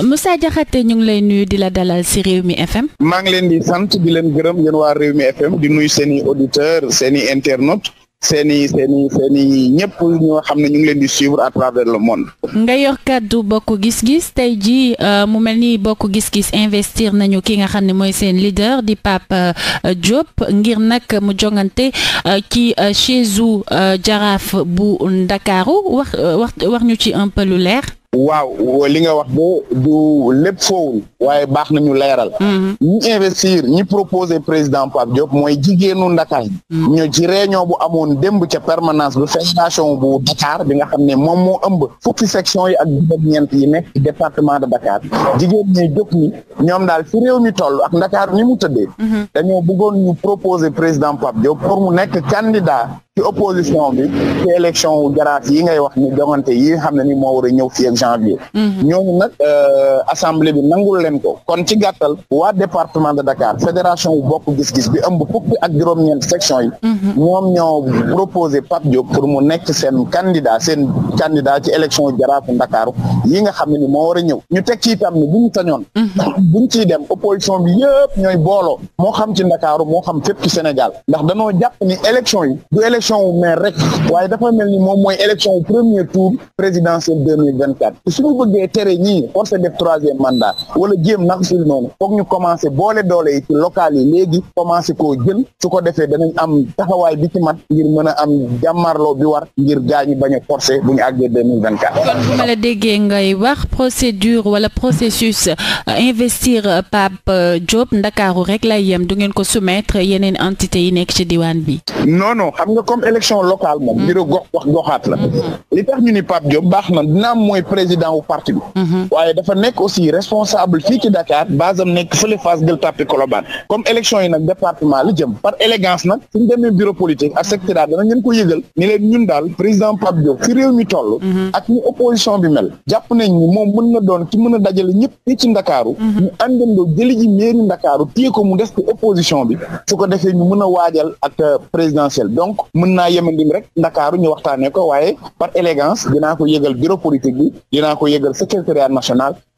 Moussa Diakhaté ñu ngi lay nuyu di la dalal ci mi FM. maa ngi leen di sant di leen gërëm yéen waa Rewmi FM di nuyu seen i auditeurs seen i internautes seen i seen ñëpp ñoo xam ne ñu ngi leen di suivre à travers le monde. nga yor kàddu bokk gis-gis tey jii euh, mu mel ni bokk gis-gis investir nañu ki nga xam ne mooy seen leader di Pape euh, Diop ngir nag mu jongante euh, ci chaise u jaraaf bu Ndakaaru wax wax ñu ci un lu leer. waaw li nga wax de du lépp foowul waaye baax nañu leeral. Mm-hmm. ñi investir ñi proposé président Pape Diop mooy jigéenu Ndakaar. Mm-hmm. ñoo ci réunion bu amoon démb ca permanence bu fédération bu Dakar bi nga xam ne moom moo ëmb fukki section yi ak juróom yi nekk ci de Dakar jigéen ñi jóg ni ñoom daal fi réew mi toll ak Ndakaar ni mu tëddee. Mm-hmm. dañoo bëggoon ñu proposé président Pape Diop pour mu nekk candidat. ci opposition bi ci élection wu jaraaf yi ngay wax ni joŋante yi xam na ni moo war a ñëw fi ak janvier. ñooñu nag euh, assemblée leen ko kon ci gàttal waa département de Dakar fédération bu bokk gis-gis bi ëmb fukki ak juróom-ñeent section yi moom mhm. ñoo proposé Pape Diop pour mu nekk seen candidat seen candidat ci élection jaraafu Ndakaaru yi nga xam ne ni moo war a ñëw ñu teg ci itam ne bu ñu sañoon mhm. buñ ciy dem opposition bi yëpp ñooy booloo moo xam ci Ndakaaru moo xam fépp ci Sénégal ndax danoo jàpp ni élection yi du élection wu maire rek waaye dafa mel ni moom mooy élection wu jéem nag sul noonu foog ñu commencé boole doole yi ci local yi léegi commencé koo jël su ko defee danañ am taxawaay bi ci mat ngir mën a am jàmmarloo bi war ngir gaañu bañ a forcé bu ñu àggee 2024. kon ngay wax procédure wala processus euh, investir euh, Pape euh, Diop Ndakaaru rek lay yem du ngeen ko soumettre yeneen entité yi nekk ci diwaan bi. non non xam nga comme élection locale moom. Mm-hmm. mbiru gox wax goxaat la. Mm-hmm. li tax ñu ni Pape Diop baax na dina mooy président wu parti bi. Mm-hmm. waaye dafa nekk aussi responsable. fii ci Dakar base am nekk fële Fass Gueule Tapée Colobane comme élection yi nag département la jëm par élégance nag suñ demee bureau politique ak secrétaire dana ngeen ko yëgal ni leen ñun daal président Pape Diop fi réew mi toll mhm. ak ni opposition bi mel jàpp nañ ni moom mën na doon ki mën a dajale ñëpp fii ci Ndakaaru mhm. ñu àndandoo jëli ji Ndakaaru téye mu des ci opposition bi su defee ñu mën a waajal ak euh, présidentielle donc mën naa yemandim rek Ndakaaru ñu waxtaanee ko waaye par élégance dinaa ko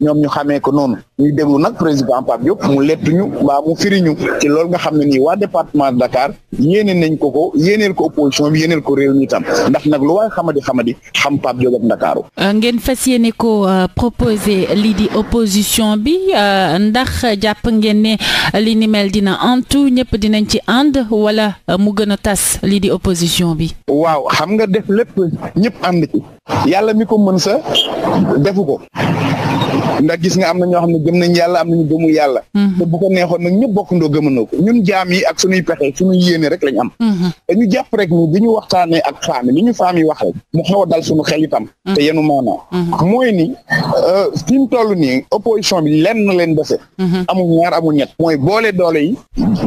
ñoom ñu xamee ko noonu ñuy déglu nag président Pape Diop mu lettuñu mbaa mu firiñu ci loolu nga xam ne nii waa département de Dakar yéeneen nañ ko ko yéeneel ko opposition bi yéeneel ko réew mi tam ndax nag lu waaye xamadi xamadi xam Pape Diop ak Ndakaaru euh, ngeen fas yéene ko euh, proposé lii di opposition bi euh, ndax jàpp ngeen ne li ni mel dina antu ñëpp dinañ ci ànd wala mu gën a tas lii di opposition bi waaw xam nga def lépp ñëpp ànd ci yàlla mi ko mën sa defu ko ndax gis nga am na ñoo xam ne gëm nañ yàlla am nañu gëmul yàlla mm-hmm. te bu ko neexoon nag ñëpp bokkandoo gëmandoo ko ñun jaam yi ak suñuy pexe suñuy yéene rek lañ am dañu mm-hmm. jàpp rek ni di ñu waxtaanee ak faami li ñu faami a dal suñu xel itam te mm-hmm. euh, mooy boole doole yi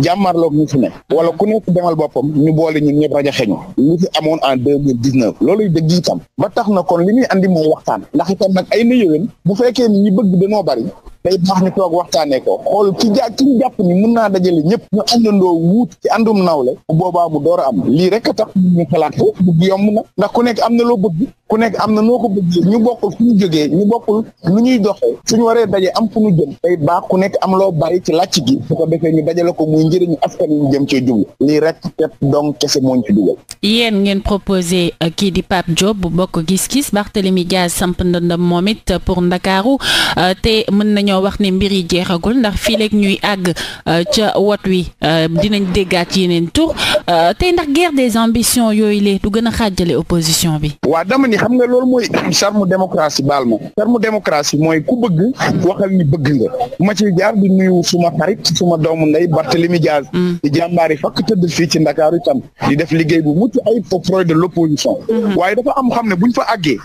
jàmmarloog ñu fi wala ku nekk demal boppam ñu boole ñun ñëpp rajo xeñu li fi amoon en deux mille dix neuf looluy dëgg itam ba tax na kon li andi mooy waxtaan ndax ay na yëwén bu fekkee ni bëgg bi moo bari day baax ñu toog waxtaanee ko xool ci ja ci ñu jàpp ni mën naa dajale ñëpp ñu àndandoo wuut ci àndum nawle bu boobaa mu door am lii rek a tax ñu xalaat ko bëgg yomb na ndax ku nekk am na loo bëgg ku nekk am na noo ko ñu bokkul fu ñu jógee ñu bokkul lu ñuy doxee suñu waree daje am fu ñu jëm day baax ku nekk am loo bari ci làcc gi su ko defee ñu dajale ko muy njëriñu askan ñu jëm cee jublu lii rek képp donc kese moo ñu ci dugal. yéen ngeen proposé euh, kii di Pape Diop bu bokk gis-gis Barthélémy Dias samp ndëndam moom it euh, pour Ndakaaru euh, te mën nañoo ñoo wax ne mbir yi jeexagul ndax fii léegi ñuy àgg euh, ca wot wi euh, dinañ déggaat yeneen tur euh, tey ndax guerre des ambitions yooyu le du gën a xaajale opposition bi. waa dama ni xam nga loolu mooy charme démocratie baal ma charme démocratie mooy ku bëgg waxal ni bëgg nga ma ci jaar di nuyu suma xarit suma doomu ndey Barthélémy Diaz mm. di jàmbaari fakk tëdd fii ci Ndakaaru itam di def liggéey bu mucc ay au profit de l'opposition mm-hmm. waaye dafa am xam ne buñ fa àggee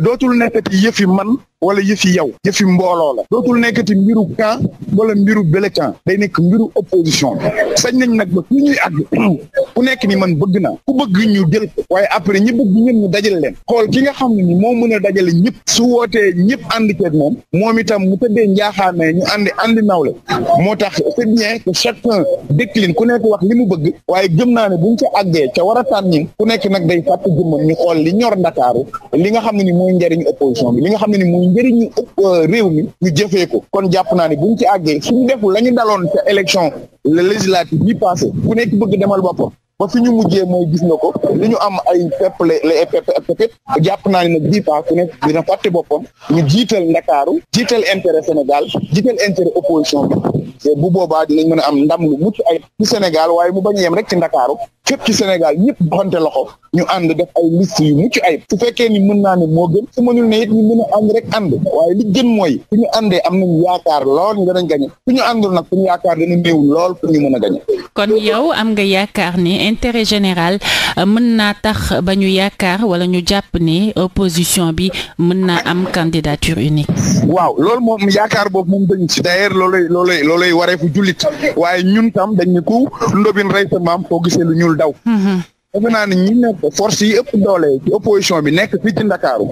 dootul wala yëfi yow yëfi mbooloo la dootul nekkati mbiru camp wala mbiru bële camp day nekk mbiru opposition sañ nañ nag ba fii ñuy àgg ku nekk ni man bëgg na ku bëgg ñu jël ko waaye après ñi bëgg ñëpp ñu dajale leen xool ki nga xam ne ni moo mën a dajale ñëpp su wootee ñëpp ànd ceeg moom moom itam mu tëddee njaaxaanee ñu àndi àndi nawle moo tax c'est bien que chacun décline ku nekk wax li mu bëgg waaye gëm naa ne bu ñu ca àggee ca war a tànn ku nekk nag day fàtt jëmmam ñu xool li ñor Ndakaaru li nga xam ne ni mooy njëriñ opposition bi li ne ni njëriñu euh, réew mi ñu jëfee ko kon jàpp naa ne bu ci àggee suñu deful la ñu daloon ca élection législative bi passé ku nekk bëgg demal boppam ba fi ñu mujjee mooy gis na ko li ñu am ay pepp la les pepp ak pepp jàpp naa ne nag bii pas ku nekk dina fàtte boppam ñu jiital Ndakaaru jiital intérêt Sénégal jiital intérêt opposition bi bu boobaa dinañ mën a am ndam lu mucc ay ci Sénégal waaye mu bañ yem rek ci Ndakaaru fépp ci Sénégal ñëpp doxante loxo ñu ànd def ay liste yu mucc ayib su fekkee ni mën naa moo ñu mën am nañu yaakaar lool ñu danañ gañe su ñu àndul nag suñu yaakaar dana néew lool pour a gañe kon yow am nga yaakaar ni intérêt général euh, mën naa tax ba ñu yaakaar wala ñu jàpp ne opposition bi mën naa am candidature unique waaw loolu moom yaakaar boobu moom dañ si d'ailleurs loolay loolay loolay waree fu jullit waaye ñun tam dañ ne ku ndobin rey sa maam foo gisee lu ñuul daw mm-hmm. defe naa ne ñi nekk force yi ëpp doole ci opposition bi nekk fii ci Ndakaaru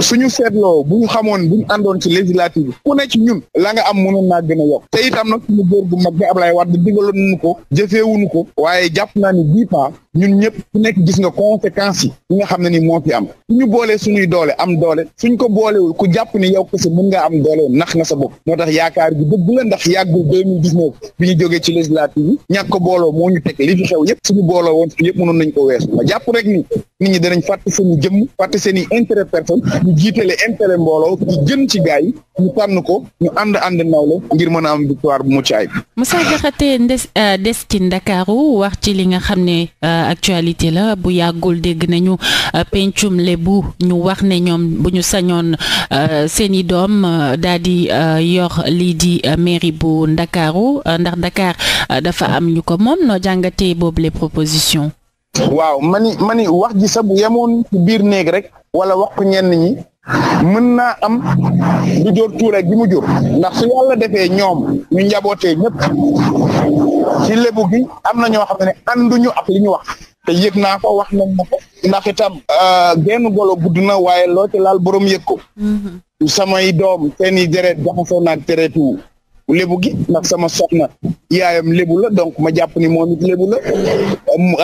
suñu seetloo bu ñu xamoon àndoon ci législative bi ku ne ci ñun la nga am mun naa gën a yokk te itam nag suñu góor gu mag bi Ablaye Wade digaloon nañu ko jëfeewuñu ko waaye jàpp naa ni bii temps ñun ñëpp ku nekk gis nga conséquences yi yi nga xam ne ni moo fi am suñu boolee suñuy doole am doole suñ ko boolewul ku jàpp ni yow kese mën nga am doole nax nga sa bopp moo tax yaakaar gi dëgg la ndax yàggul deux mille dix bi ñu jógee ci législative yi ñàkk ko moo ñu teg li fi xew yëpp suñu booloo woon ko ko ma jàpp rek ni nit ñi danañ fàtte seen i seen i intérêt personne ñu jiitale intérêt mbooloo ñu gën ci gaa yi ñu tànn ko ñu ànd ànd nawle ngir mën a am victoire bu mucc ayib. Moussa Diakhaté ndes euh, des ci Ndakaaru wax ci li nga xam ne euh, actualité la bu yàggul dégg nañu euh, le bu ñu wax ne ñoom bu ñu sañoon seen i doom daal di yor lii di mairie bu Ndakaaru ndax ndakaar dafa am ñu ko moom noo jàngatee boobu le proposition waaw mani mani wax ji sax bu yemoon ci biir néeg rek wala wax ko ñenn ñi mën naa am du jur tuure gi mu jur ndax su yàlla defee ñoom ñu njabootee ñëpp ci lébu gi am na ñoo xam ne ànduñu ak lu ñu wax te yëg naa ko wax nañ ma ko ndax itam euh, genn golo gudd na waaye loo ci laal borom yëg ko mm-hmm. samay doom seen i deret jaxasoo naag tereetu lébu gi ndax sama soxna yaayam lébu la donc ma jàpp ni moom it lébu la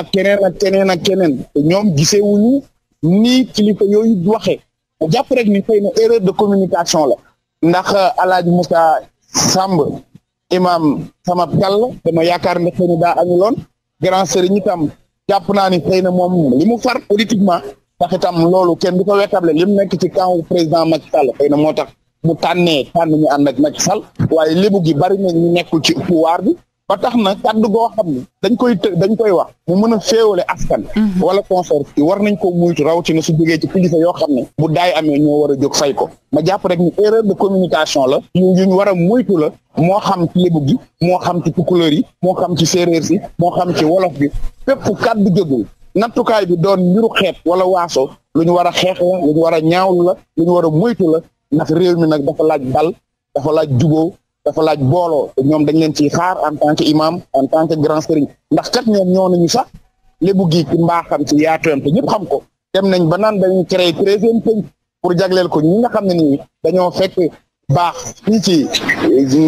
ak keneen ak keneen ak keneen ñoom gisewuñu nii kilifa yooyu waxee ma jàpp rek ni xëy na erreur de communication la ndax euh, alaaji Moussa Samb imam sama kàll dama yaakaar ne xëy na daa añuloon grand sëriñ itam jàpp naa ni xëy moom mu far politiquement tax itam loolu kenn du ko wettable li mu nekk ci camp président Macky Sall xëy na moo tax mu tànnee tànn ñu ànd ak Macky Sall waaye lébu gi bari ñu nekkul ci pouvoir bi ba tax na kàddu goo xam ne dañ koy dañ koy wax mu mën a féewale askan mhm. wala concert yi war nañ ko muytu rawatina su jógee ci kilifa yoo xam ne bu daay amee ñoo war a jóg fay ko ma jàpp rek ni erreur de communication la yu ñu war a muytu la moo xam ci gi moo xam ci couleur yi moo xam ci séeréer si moo xam ci wolof bi fépp kàddu jógul nattukaay bi doon mbiru xeet wala waaso lu ñu war a xeex war a ñaawlu la lu ñu war a muytu la ndax réew mi nag dafa laaj bal dafa laaj juboo dafa laaj booloo ñoom dañ leen ci xaar en tant que imam en tant que grand sëriñ ndax kat ñoom ñoo nañu sax lébu gi ci xam ci yaatoyam te ñëpp xam ko dem nañ ba naan dañuy créé treizième penc pour jagleel ko ñi nga xam ne nii dañoo fekk baax nu ci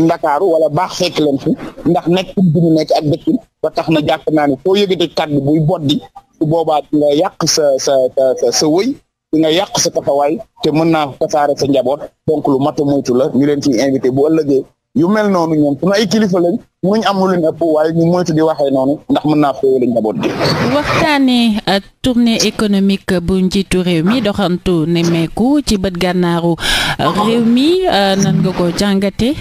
ndakaaru wala baax fekk leen fi ndax nekk bi ñu nekk ak dëkkin ba tax na jàpp naa ne foo yëgatee kàddu buy boddi su boobaa nga yàq sa sa sa sa wëy di nga yàq sa taxawaay te mën naa tasaare sa njaboot donc lu matu moytu la ñu leen ciy invité bu ëllëgee yu mel noonu ñoom suñu ay kilifa lañ munuñ am lu leen ëpp waaye ñu moytu di waxee noonu ndax mën naa féewale njaboot gi. waxtaanee euh, tournée économique bu njiitu réew mi doxantu nemmeeku ci bët gànnaaru euh, réew mi euh, nan nga ko jàngatee.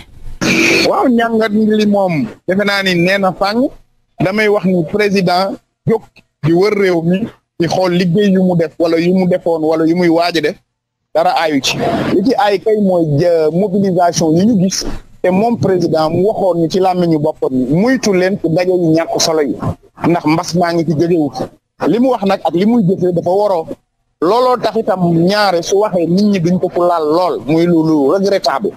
waaw njàngat li moom defe naa ni nee na damay wax ni président jóg di wër réew mi. di xool liggéey yu mu def wala yu mu defoon wala yu muy waaj def dara aayu ci li ci aay kay mooy mobilisation yi ñu gis te moom président mu waxoon ni ci làmmiñu boppam muytu leen ci daje yu ñàkk solo yi ndax mbas maa ngi ci jógewu li mu wax nag ak li muy jëfee dafa waroo looloo tax itam ñaare su waxee nit ñi duñ ko fu laal lool muy lu lu regrettable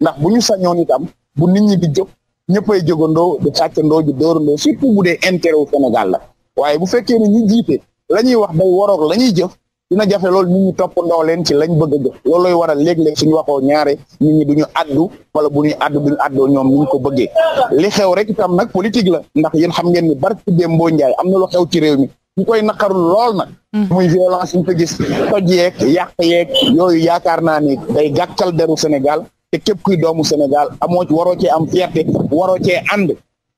ndax bu ñu sañoon itam bu nit ñi di jóg ñëppay jógandoo di sàccandoo di dóorandoo surtout bu dee intérêt wu Sénégal la waaye bu fekkee ne la ñuy wax day waroog la ñuy jëf dina jafe loolu nit ñi toppandoo leen ci lañ bëgg a lool looy lay waral léeg-léeg ñu waxoo ñaare nit ñi duñu addu wala bu ñuy addu duñu addoo ñoom ni ñu ko bëggee li xew rek itam nag politique la ndax yéen xam ngeen ni barki Dembo Ndiaye am na lu xew ci réew mi ñu koy naqaru lool na hmm. muy violence ñu ko gis toj yeeg yàq yeeg yooyu yaakaar naa ni day gàkkal deru Sénégal te képp kuy doomu Sénégal amoo waroo cee am fierté waroo cee ànd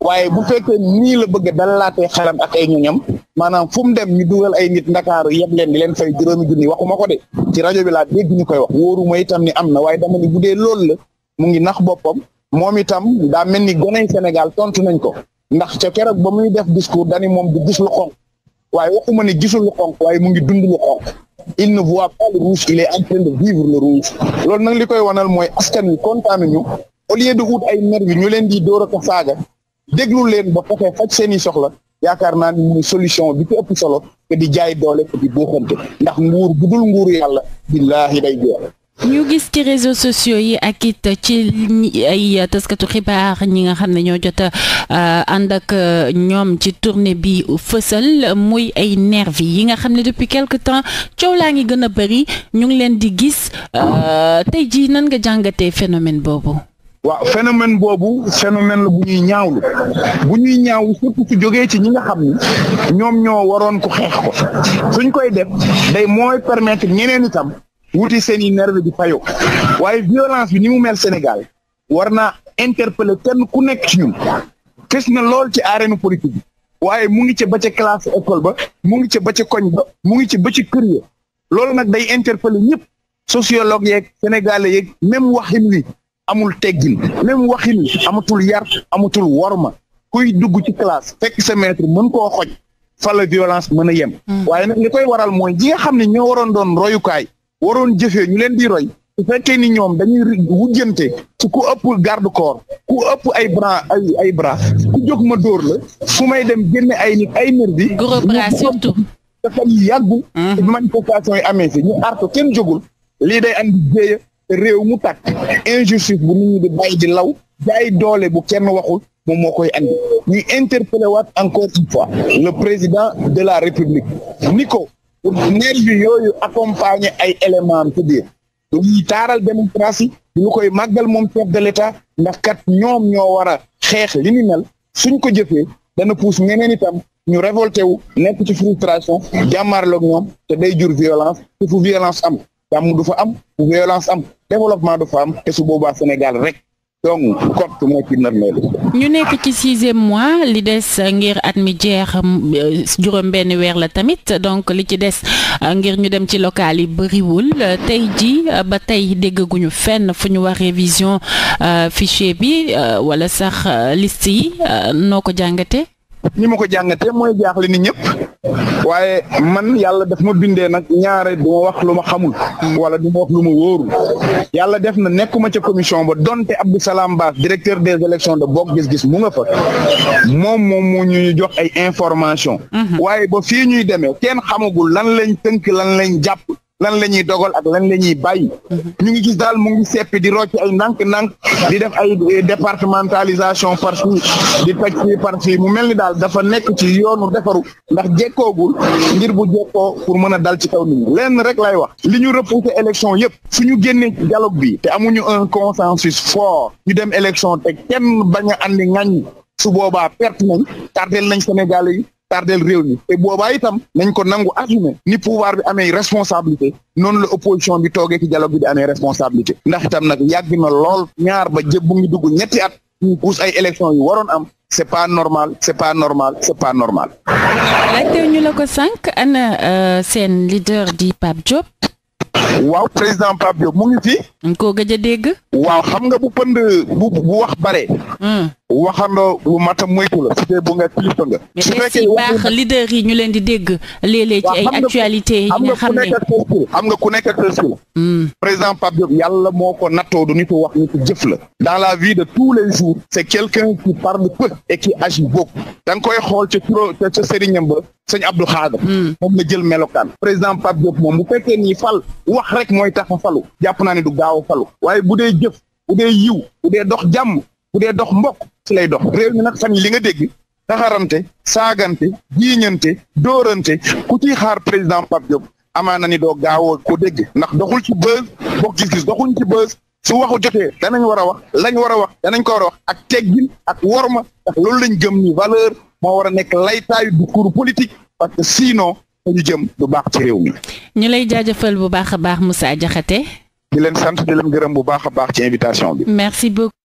waaye bu fekkee nii la bëgg dalalaatee xelam ak ay ñoñam maanaam fu mu dem mi dugal ay nit ndakaaru yeb leen di leen fay juróomi junni waxuma ko de ci rajo bi laa dégg ñu koy wax wóoruma itam ni am na waaye dama ni bu dee loolu la mu ngi nax boppam moom itam daa mel ni goney Sénégal tontu nañ ko ndax ca keroog ba muy def discours dani moom du gis lu xonq waaye waxuma ni gisul lu xonq waaye mu ngi dund lu xonq il ne voit pas le rouge il est en vivre le rouge loolu nag li koy wanal mooy askan wi kontaan nañu au lieu de wut ay nervi ñu leen di door a ko déglu leen ba fexe faj seen soxla yaakaar naa ni solution bi ci ëpp solo te di jaay doole te di buuxante ndax nguur bu dul nguuru yàlla billaahi day jeex ñu gis ci réseaux sociaux yi ak it ci ay taskatu xibaar ñi nga xam ne ñoo jot a euh, ànd ak euh, ñoom ci tournée bi fësal muy ay nervi yi nga xam ne depuis quelque temps coow laa ngi gën a bëri ñu ngi leen di gis euh, tey jii nan nga jàngatee phénomène boobu. waaw phénomène boobu phénomène la bu ñuy ñaawlu bu ñuy ñaaw surtout su ci ñi nga xam ni ñoom ñoo waroon ko xeex ko suñ koy def day mooy permettre ñeneen itam wuti seen i nerve di payo waaye violence bi ni mu mel Sénégal war naa interpeller kenn ku nekk ci ñun fes na lool ci arène politique waaye mu ngi ci ba ca classe école ba mu ngi ci ba ca koñ ba mu ngi ci ba ca kër ya loolu nag day interpeller ñëpp sociologue yeeg sénégalais yeeg même waxin wi amul teggin même waxin amatul yar amatul worma kuy dugg ci classe fekk sa mën koo xoj fala la violence mën a yem. Hmm. waaye nag li koy waral mooy ñi nga xam ne ñoo waroon doon royukaay waroon jëfe ñu leen di roy su fekkee ni ñoom dañuy wujjante ci ku ëpp garde corps ku ëpp ay bras ay ay ku jóg ma dóor la fu may dem génne ay nit ay nër bi. gros bras surtout. dafay yàggu. Hmm. manifestation yi amee si ñu artu kenn jogul lii andi jéeya réew mu tàkk injustice bu nit ñi di bàyyi di law jaay doole bu kenn waxul moom moo koy andi ñuy interpellé waat encore une fois le président de la république ni ko nervi yooyu accompagner ay élément am ci biir duñuy taaral démocratie du ñu koy màggal moom chef de l'état ndax kat ñoom ñoo war a xeex li ni mel suñ ko jëfee dana pousse ñeneen itam ñu révolté wu nekk ci frustration jàmmaarloog ñoom te day jur violence te fu violence am jàmm du fa am violence am développement du fa am te su boobaa Sénégal rek donc kott moo ñu nekk ci sixième mois li des ngir at mi jeex euh, juróom benn weer la tamit donc li ci des euh, ngir ñu dem ci local yi bëriwul tey ji euh, ba tey déggaguñu fenn fu ñu wax révision fichier bi wala sax list yi noo ko jàngate ñi ma ko jàngatee mooy jaaxle ni ñëpp waaye man yàlla daf ma bindee nag ñaare du ma wax lu ma xamul wala du ma wax lu ma wóorul yàlla def na nekkuma ca commission ba donte Abdou Salam Bass directeur des élections de Bokk Gis Gis mu nga fa moom moom moo ñuy jox ay information mhm. waaye ba fii ñuy demee kenn xamagul lan lañ tënk lan lañ jàpp lan la ñuy dogal ak lan la ñuy bàyyi. Mhm. ñu ngi gis daal mu ngi seppi di rocc ay ndànk-ndànk di def ay eh, départementalisation par di toj fii par fii mu mel ni daal dafa nekk ci yoonu defaru ndax jekkoogul ngir bu jekkoo pour mën a dal ci kaw ni ñi lenn rek lay wax li ñu repousser élection yëpp suñu génnee ci dialogue bi te amuñu un consensus fort ñu dem élection te kenn bañ a andi ngañ su boobaa perte nañ tardel nañ Sénégal yi. tardeel réew mi te boobaa itam nañ ko nangu assumer ni pouvoir bi amee responsabilité noonu la opposition bi toogeek ci dialogue bi di amee responsabilité ndax itam nag yàgg na lool ñaar ba jëb bu ngi dugg ñetti at ñu pousse ay élection yu waroon am c'est pas normal c'est pas normal c'est pas normal. laajte ñu la ko sànq ana euh, seen leader di Pape Diop. waaw président Pape Diop mu ngi fi. nga koo a dégg. waaw xam nga bu pënd bu bu wax bare. Hmm. waxandoo bu mat a moytu la su dee bu nga kilifa nga. su fekkee yi ñu leen di dégg léeg-léeg ci ay actualité yi nga xam ne ku nekk ak sa skill hmm. président Pape Diop yàlla moo ko nattoo du nitu wax nitu jëf la. dans la vie de tous les jours. c' est quelqu'un qui parle peu et qui agit beaucoup. da nga koy xool ca turo ca sëriñam ba sëñ Abdou Khadre. Hmm. moom la jël melokaan. président Pape Diop moom mu fekkee nii fal wax rek mooy tax a falu. jàpp naa ne du gaaw a falu. waaye bu dee jëf bu dee yiw bu dee dox jàmm bu dox mbokk. ci lay dox réew mi nag fan li nga dégg taxarante saagante jiiñante dóorante ku ciy xaar président Pape Diop na ni doo gaawoo ko dégg ndax doxul ci bës bokk gis ci bës su waxu jotee danañ war a wax lañ war a wax danañ ko war a wax ak teggin ak worma ndax loolu lañ jëm ni valeur moo war a nekk laytaayu discours politique parce que sinon ñu jëm du baax ci réew mi. ñu lay jaajëfal bu baax a baax Moussa Diakhaté. di leen sant di leen gërëm bu baax a baax ci invitation bi.